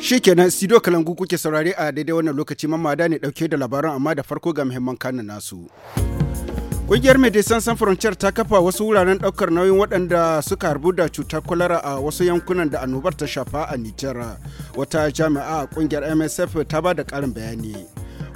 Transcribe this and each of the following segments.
Shikenan studio kalangu kuke saurare a daidai wannan lokaci mamada ne dauke da labaran amma da farko ga muhimman kanin nasu. kungiyar medecines Sans Frontier ta kafa wasu wuraren daukar nauyin waɗanda suka harbu da cutar kwalara a wasu yankunan da annobar ta shafa a Nijar. Wata jami'a a kungiyar MSF ta ba da ƙarin bayani.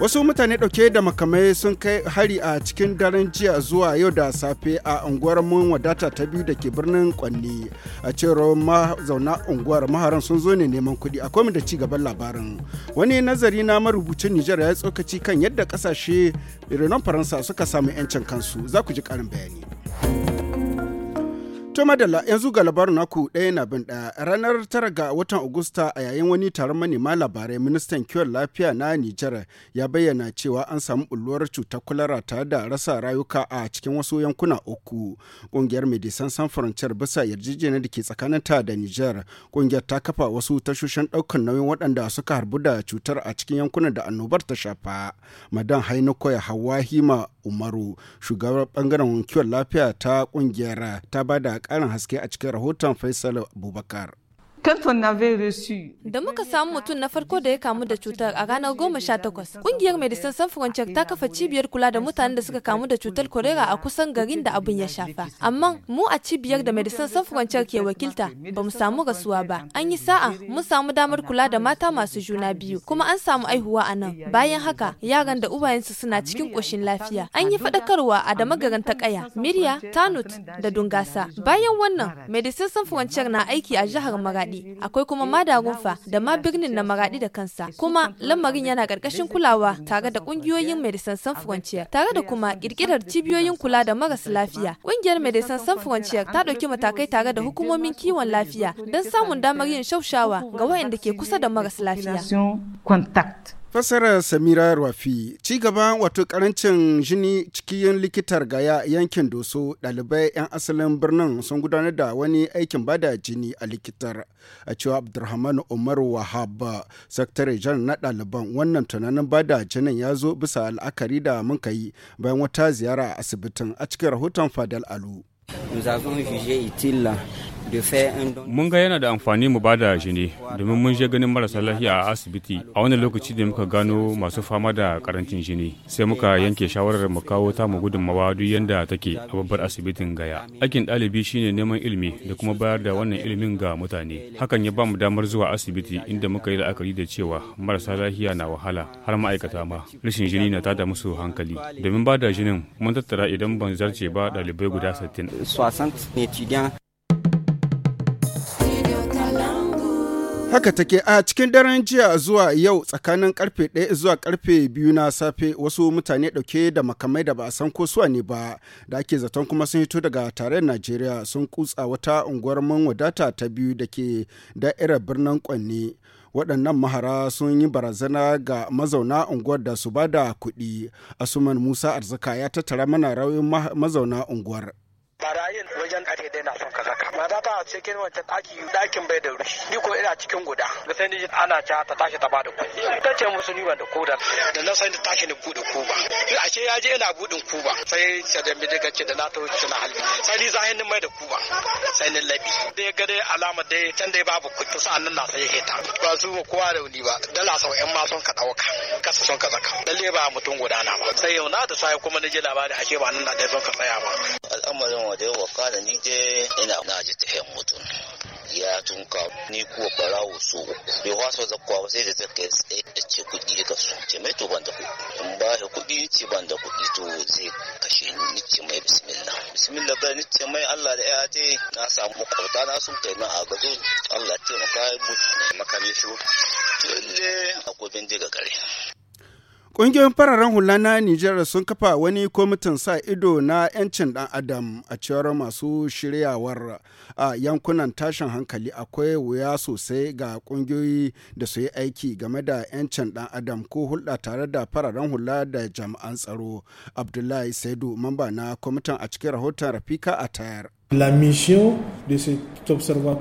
Wasu mutane dauke da makamai sun kai hari a cikin daren jiya zuwa yau da safe a unguwar mun wadata ta biyu da ke birnin Kwanni. A cewar mazauna unguwar maharan sun zo ne neman kuɗi akwai komi da ci gaban labarin. Wani nazari na marubucin Nijar ya tsokaci kan yadda kasashe renon Faransa suka samu 'yancin kansu za ku ji karin bayani. To madalla yanzu ga labarin naku ɗaya na bin ɗaya ranar tara ga watan Agusta a yayin wani taron manema labarai ministan kiwon lafiya na Nijar ya bayyana cewa an samu bulluwar cutar kulara tare da rasa rayuka a cikin wasu yankuna uku. Ƙungiyar Medisan San Frontier bisa yarjejeniyar da ke tsakanin ta da Nijar. Ƙungiyar ta kafa wasu tashoshin ɗaukar nauyin waɗanda suka harbu da cutar a cikin yankunan da annobar ta shafa. Madan Hainu Hawa Hima umaru shugabar bangaren kiwon lafiya ta kungiyar ta bada da karin haske a cikin rahoton faisal abubakar Da muka samu mutum na farko da ya kamu da cutar a ranar goma sha takwas, ƙungiyar Medicine Sans Frontier ta kafa cibiyar kula da mutanen da suka kamu da cutar korera a kusan garin da abin ya shafa. Amma mu a cibiyar da Medicine Sans Frontier ke wakilta ba mu samu rasuwa ba. An yi sa'a mun samu damar kula da mata masu juna biyu kuma an samu aihuwa a nan. Bayan haka yaran da uwayensu suna cikin ƙoshin lafiya. An yi faɗakarwa a da magaranta ta ƙaya, Mirya, Tanut da Dungasa. Bayan wannan Medicine Sans Frontier na aiki a jihar Maradi. maradi akwai kuma madagunfa da ma birnin na maradi da kansa kuma lamarin yana karkashin kulawa tare da kungiyoyin medecines sans frontières tare da kuma kirkirar cibiyoyin kula da marasa lafiya kungiyar medecines sans frontières ta dauki matakai tare da hukumomin kiwon lafiya don samun damar yin shaushawa ga waɗanda ke kusa da marasa lafiya fasara Samira Rafi ci gaba wato karancin jini cikin likitar gaya yankin Doso ɗalibai 'yan asalin birnin sun gudanar da wani aikin bada jini a likitar a cewa Abdulrahman Umar Wahab sakatare jan na ɗaliban wannan tunanin bada jinin ya zo bisa al'akari da mun yi bayan wata ziyara a asibitin a cikin rahoton Fadal Alu. Mun ga yana da amfani mu bada jini domin mun je ganin marasa lafiya a asibiti a wani lokaci da muka gano masu fama da karancin jini sai muka yanke shawarar mu kawo ta mu gudunmawa duk yanda take a babbar asibitin gaya. Aikin ɗalibi shine neman ilimi da kuma bayar da wannan ilimin ga mutane. Hakan ya ba mu damar zuwa asibiti inda muka yi la'akari da cewa marasa lafiya na wahala har ma'aikata ma rashin jini na tada musu hankali domin bada da jinin mun tattara idan ban zarce ba ɗalibai guda 60. Haka take a cikin daren jiya zuwa yau tsakanin karfe ɗaya zuwa karfe biyu na safe wasu mutane ɗauke da makamai da ba a san ko suwa ne ba da ake zaton kuma sun hito daga tarayyar Najeriya sun kutsa wata unguwar man wadata ta biyu da ke da'irar birnin Kwanne. waɗannan mahara sun yi barazana ga mazauna unguwar da su ba da kuɗi asuman musa arzika ya tattara mana rauyin mazauna unguwar barayin wajen ɗari dai na son kaza saka ba za ta kin wancan ɗaki ɗakin bai da rushi ni ko ina cikin guda da sai ni ana ta ta tashi ta bada kuɗi ta ce musu ni ban da koda da na sai ta tashi ni buɗe kuba ce ya je ina buɗin kuba sai da mi daga ce da na tawo suna halbi sai ni zahin ni mai da kuba sai ni labi da ya ga dai alama dai can dai babu kuɗi sa nan na sai ya ta ba su ma kowa da wuni ba dala sau ƴan ma son ka ɗauka kasa son ka zaka lalle ba mutum gudana ba sai yau na da sai kuma na ji labari ashe ba nan na dai son ka tsaya ba al'amarin wa da yawa kana ni dai ina na ji ta mutum ya tunka ni kuwa barawo so bai wasu zakwa ba sai da ta kai tsaye da ce kuɗi ga su ce mai to ban da kuɗi in ba shi kuɗi ce ban da kuɗi to zai kashe ni ni ce mai bismillah bismillah ba ni ce mai Allah da ya ce na samu makwabta na sun kai na a gazo Allah taimaka ya mutu makami shi lalle akwai bindiga gare Ƙungiyoyin fararen hula na Nijar sun kafa wani kwamitin sa ido na 'yancin ɗan adam a cewar masu shiryawar a yankunan tashin hankali akwai wuya sosai ga ƙungiyoyi da su yi aiki game da 'yancin ɗan adam ko hulɗa tare da fararen hula da jami'an tsaro. Abdullahi Saidu mamba na kwamitin a cikin rahoton Rafika a Tayar. La mission de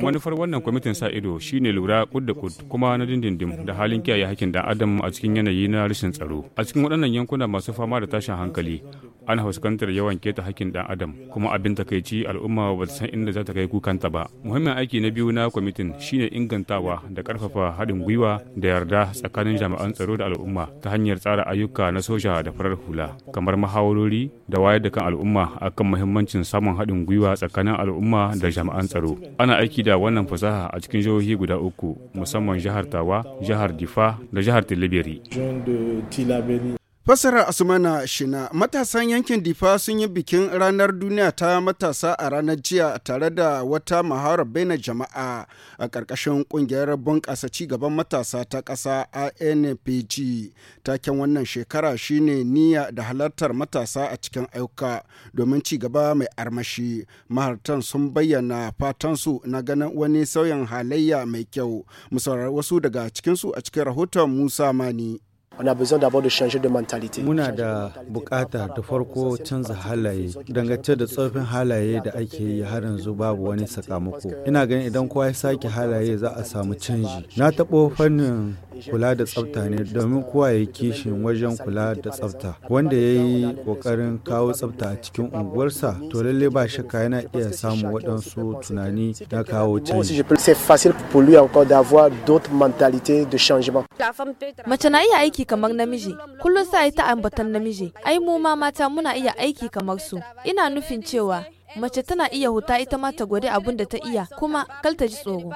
manufar wannan kwamitin sa ido shine lura kud da kud kuma na dindindim da halin kiyaye hakkin dan adam a cikin yanayi na rashin tsaro a cikin waɗannan yankuna masu fama da tashin hankali ana fuskantar yawan keta hakkin dan adam kuma abin takaici al'umma ba ta san inda za ta kai kukanta ba muhimmin aiki na biyu na kwamitin shine ingantawa da karfafa haɗin gwiwa da yarda tsakanin jami'an tsaro da al'umma ta hanyar tsara ayyuka na soja da farar hula kamar mahawarori da wayar da kan al'umma akan muhimmancin samun haɗin gwiwa tsakanin tsakanin al'umma da jami'an tsaro ana aiki da wannan fasaha a cikin jihohi guda uku musamman jihar tawa jihar difa da jihar tilibiri Fasara Asmana Shina matasan yankin Difa sun yi bikin ranar duniya ta matasa a ranar jiya tare da wata maharar bainar jama'a a ƙarƙashin ƙungiyar bunƙasa ci gaban matasa ta ƙasa ANPG. Taken wannan shekara shine niyya da halartar matasa a cikin ayyuka domin cigaba mai armashi. Mahartan sun bayyana fatansu na ganin wani sauyin halayya mai kyau. Mu wasu daga cikinsu a cikin rahoton Musa Mani. Muna da bukata ta farko canza halaye dangance da tsofin halaye da ake yi har yanzu babu wani sakamako. Ina ganin idan kowa ya sake halaye za a samu canji. Na taɓo fannin kula da tsafta ne domin kowa ya kishin wajen kula da tsafta wanda ya yi kokarin kawo tsafta a cikin unguwarsa to lalle ba shakka yana iya samun waɗansu tunani na kawo canji mace na iya aiki kamar namiji kullum sai ta ambatan namiji ai mu ma mata muna iya aiki kamar su ina nufin cewa mace tana iya huta ita ma ta gwada abin da ta iya kuma kal ta ji tsoro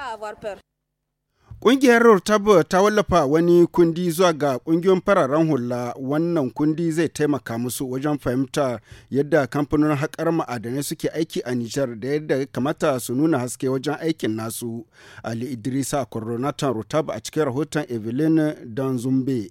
Ƙungiyar Rotab ta wallafa wani kundi zuwa ga ƙungiyoyin fararen hula wannan kundi zai taimaka musu wajen fahimta yadda kamfanonin haƙar ma'adanai suke aiki a Nijar da yadda kamata su nuna haske wajen aikin nasu. Ali Idrisa Coronatan Rotab a cikin rahoton Evelyn Danzumbe.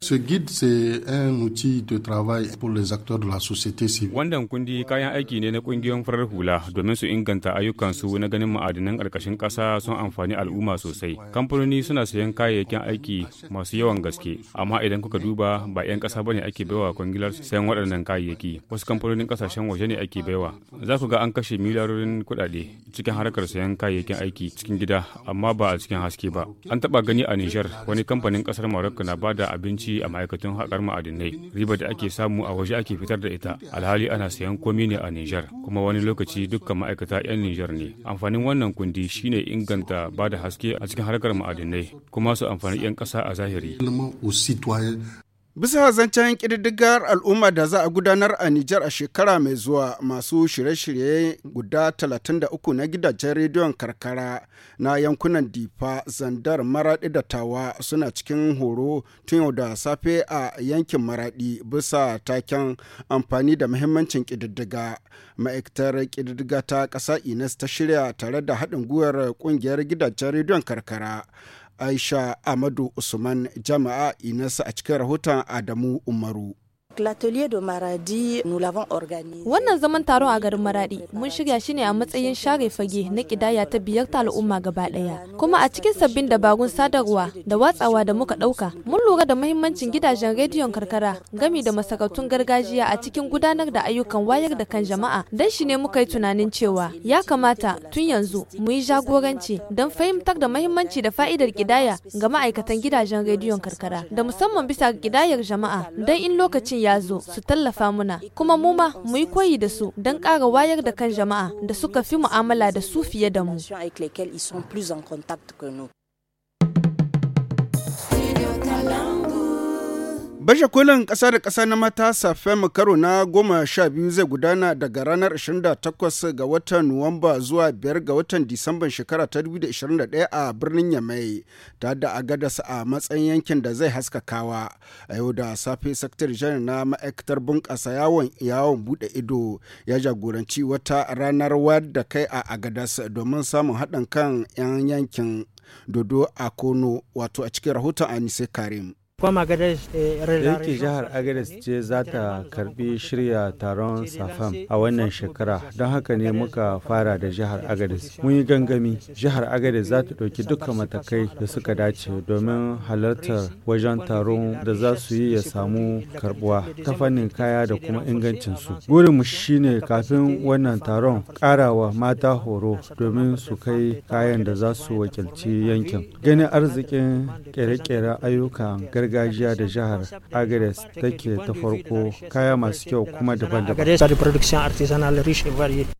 Ce guide, c'est un outil de travail pour les acteurs de la société civile. Wannan kundi kayan aiki ne na kungiyoyin farar hula domin su inganta ayyukansu na ganin ma'adinan ƙarƙashin ƙasa sun amfani al'umma sosai. Kamfanoni suna sayan kayayyakin aiki masu yawan gaske, amma idan kuka duba ba 'yan ƙasa bane ake baiwa kwangilar sayan waɗannan kayayyaki. Wasu kamfanonin ƙasashen waje ne ake baiwa. Za ku ga an kashe miliyarorin kuɗaɗe cikin harkar sayan kayayyakin aiki cikin gida, amma ba a cikin haske ba. An taɓa gani a niger wani kamfanin ƙasar Morocco na ba da abinci a ma'aikatun haƙar ma'adinai riba da ake samu a waje ake fitar da ita alhali ana sayan komi ne a Nijar kuma wani lokaci dukkan ma'aikata 'yan Nijar ne amfanin wannan kundi shine inganta ba da haske a cikin harkar ma'adinai kuma su amfani 'yan ƙasa a zahiri Bisa zancen ƙididdigar al'umma da za a gudanar a Nijar a shekara mai zuwa masu shirye-shirye guda 33 na gidajen rediyon karkara na yankunan Difa, Zandar, Maraɗi da Tawa suna cikin horo tun yau da safe a yankin Maraɗi bisa taken amfani da muhimmancin ƙididdiga. Ma'aikatar ƙididdiga ta ƙasa Ines ta shirya tare da haɗin gwiwar ƙungiyar gidajen rediyon karkara. aisha amadu usman jama'a inasa a cikin rahoton adamu umaru Wannan zaman taron a garin Maradi mun shirya shine a matsayin share fage na kidaya ta biyar ta al'umma gaba ɗaya. Kuma a cikin sabbin dabarun sadarwa da watsawa da muka ɗauka, mun lura da mahimmancin gidajen rediyon karkara gami da masarautun gargajiya a cikin gudanar da ayyukan wayar da kan jama'a. Dan shi ne muka yi tunanin cewa ya kamata tun yanzu mu yi jagoranci don fahimtar da mahimmanci da fa'idar kidaya ga ma'aikatan gidajen rediyon karkara da musamman bisa ga kidayar jama'a don in lokacin ya zo su tallafa muna kuma mu ma mu yi koyi da su don ƙara wayar da kan jama'a da suka fi mu'amala da su fiye da mu. Bashe kolin ƙasa da ƙasa na matasa FEM karo na goma sha biyu zai gudana daga ranar 28 ga watan Nuwamba zuwa 5 ga watan Disamban shekara ta 2021 a birnin Yamai, ta da agadas a matsayin yankin da zai haskakawa. A yau da safe Sakitar Janar na ma'aikatar bunƙasa yawon yawon buɗe ido ya jagoranci wata ranar wadda kai a agadas domin samun haɗin kan 'yan yankin Dodo Akono wato a cikin rahoton Anise Karim. da yake jihar agadez ce za ta karbi shirya taron safam a wannan shekara don haka ne muka fara da jihar agadez mun yi gangami jihar agadez za ta ɗauki duka matakai da suka dace domin halartar wajen taron da za su yi ya samu karbuwa ta fannin kaya da kuma ingancin ingancinsu mu shine kafin wannan taron karawa mata horo domin su kai kayan da za su wakilci yankin ganin arzikin kere-kere ayyukan gargajiya gargajiya da jihar agres take ta farko kaya masu kyau kuma daban-daban.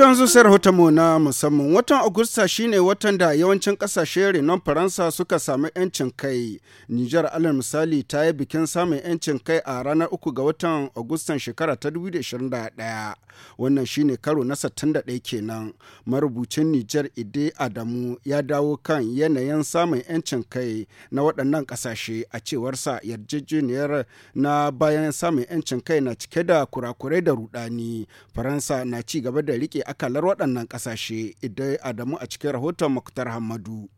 wata yanzu sai rahotonmu na musamman watan Agusta shine watan da yawancin kasashe renon Faransa suka samu 'yancin kai. Nijar alal misali ta yi bikin samun 'yancin kai a ranar uku ga watan Agustan shekara ta 2021. Wannan shine karo na 61 kenan. Marubucin Nijar Ide Adamu ya dawo kan yanayin samun 'yancin kai na waɗannan kasashe a cewar sa yarjejeniyar na bayan samun 'yancin kai na cike da kurakurai da rudani. Faransa na ci gaba da rike akalar waɗannan ƙasashe idan adamu a cikin rahoton muktar hamadu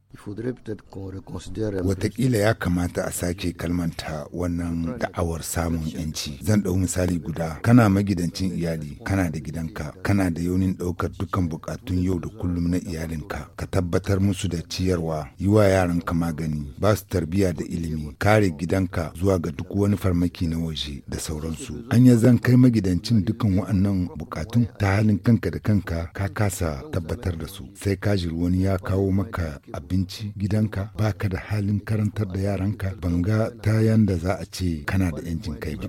Wataƙila ya kamata a sake kalmanta wannan da'awar samun yanci. Zan ɗau misali guda, kana magidancin iyali, kana da gidanka, kana da yaunin ɗaukar dukkan buƙatun yau da kullum na iyalinka. Ka tabbatar musu da ciyarwa, yi wa ka magani, ba su tarbiyya da ilimi, kare gidanka zuwa ga duk wani farmaki na waje da sauransu. Anya zan kai magidancin dukkan wa'annan buƙatun ta halin kanka da kanka ka kasa tabbatar da su. Sai ka wani ya kawo maka abin abinci gidanka baka da halin karantar da yaranka banga ta yanda za a ce kana da 'yancin kai ba.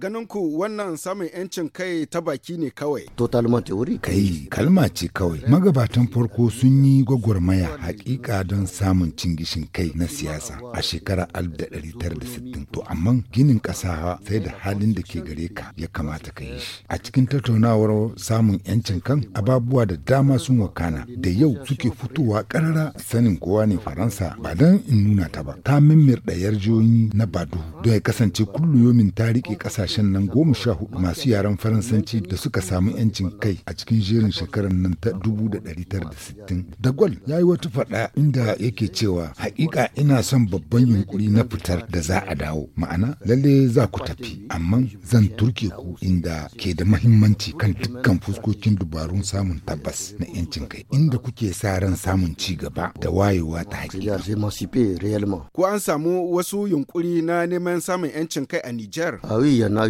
ganinku wannan samun 'yancin kai ta baki ne kawai. Total wuri. Kai kalma ce kawai. Magabatan farko sun yi gwagwarmaya hakika don samun cin gishin kai na siyasa a shekara 1960. To amma ginin ƙasa sai da halin da ke gare ka ya kamata ka yi shi. A cikin tattaunawar samun 'yancin kan ababuwa da dama sun wakana da yau suke fitowa karara sanin kowa ne faransa ba don in nuna ta ba ta mimir da jiyoyi na badu don ya kasance kullu yomin ta riƙe ƙasashe kasashen nan goma sha hudu masu yaren Faransanci da suka samu 'yancin kai a cikin jerin shekarar nan ta 1960. Dagwal ya yi wata faɗa inda yake cewa haƙiƙa ina son babban yunkuri na fitar da za a dawo. Ma'ana lalle za ku tafi amma zan turke ku inda ke da mahimmanci kan dukkan fuskokin dubarun samun tabbas na 'yancin kai inda kuke sa ran samun ci gaba da wayewa ta haƙiƙa. Ko an samu wasu yunkuri na neman samun 'yancin kai a Nijar? Ah Da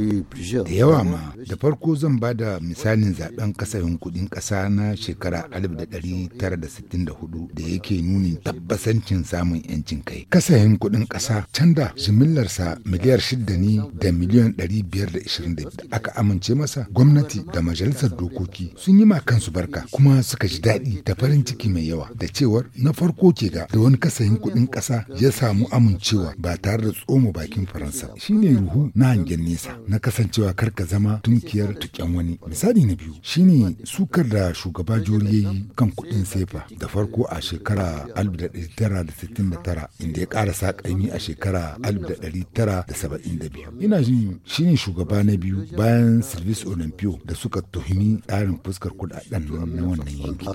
yawa ma, da farko zan ba da misalin zaben kasafin kudin kasa na shekara 1964 da yake nuni tabbasancin samun yancin kai. Kasafin kudin kasa can da jimillarsa miliyar shida ne da miliyan 520 aka amince masa gwamnati da majalisar dokoki sun yi ma kansu barka kuma suka ji daɗi da farin ciki mai yawa da cewar na farko ke ga da wani kasafin kudin kasa ya samu amincewa ba tare da tsoma bakin Faransa shine ruhu na hangen nesa. na kasancewa kar ka zama tunkiyar tukyan wani. Misali na biyu shine sukar da shugaba jori ya kan kuɗin sefa da farko a shekara 1969 inda ya karasa ƙaimi a shekara 1972. Ina jin shine shugaba na biyu bayan service Olympio da suka tuhumi tsarin fuskar kudaden na wannan yanki.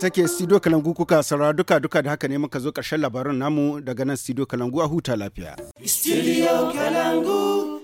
take studio kalangu kuka saurara duka duka da haka ne muka zo karshen labarin namu daga nan studio kalangu a huta lafiya. Studio kalangu.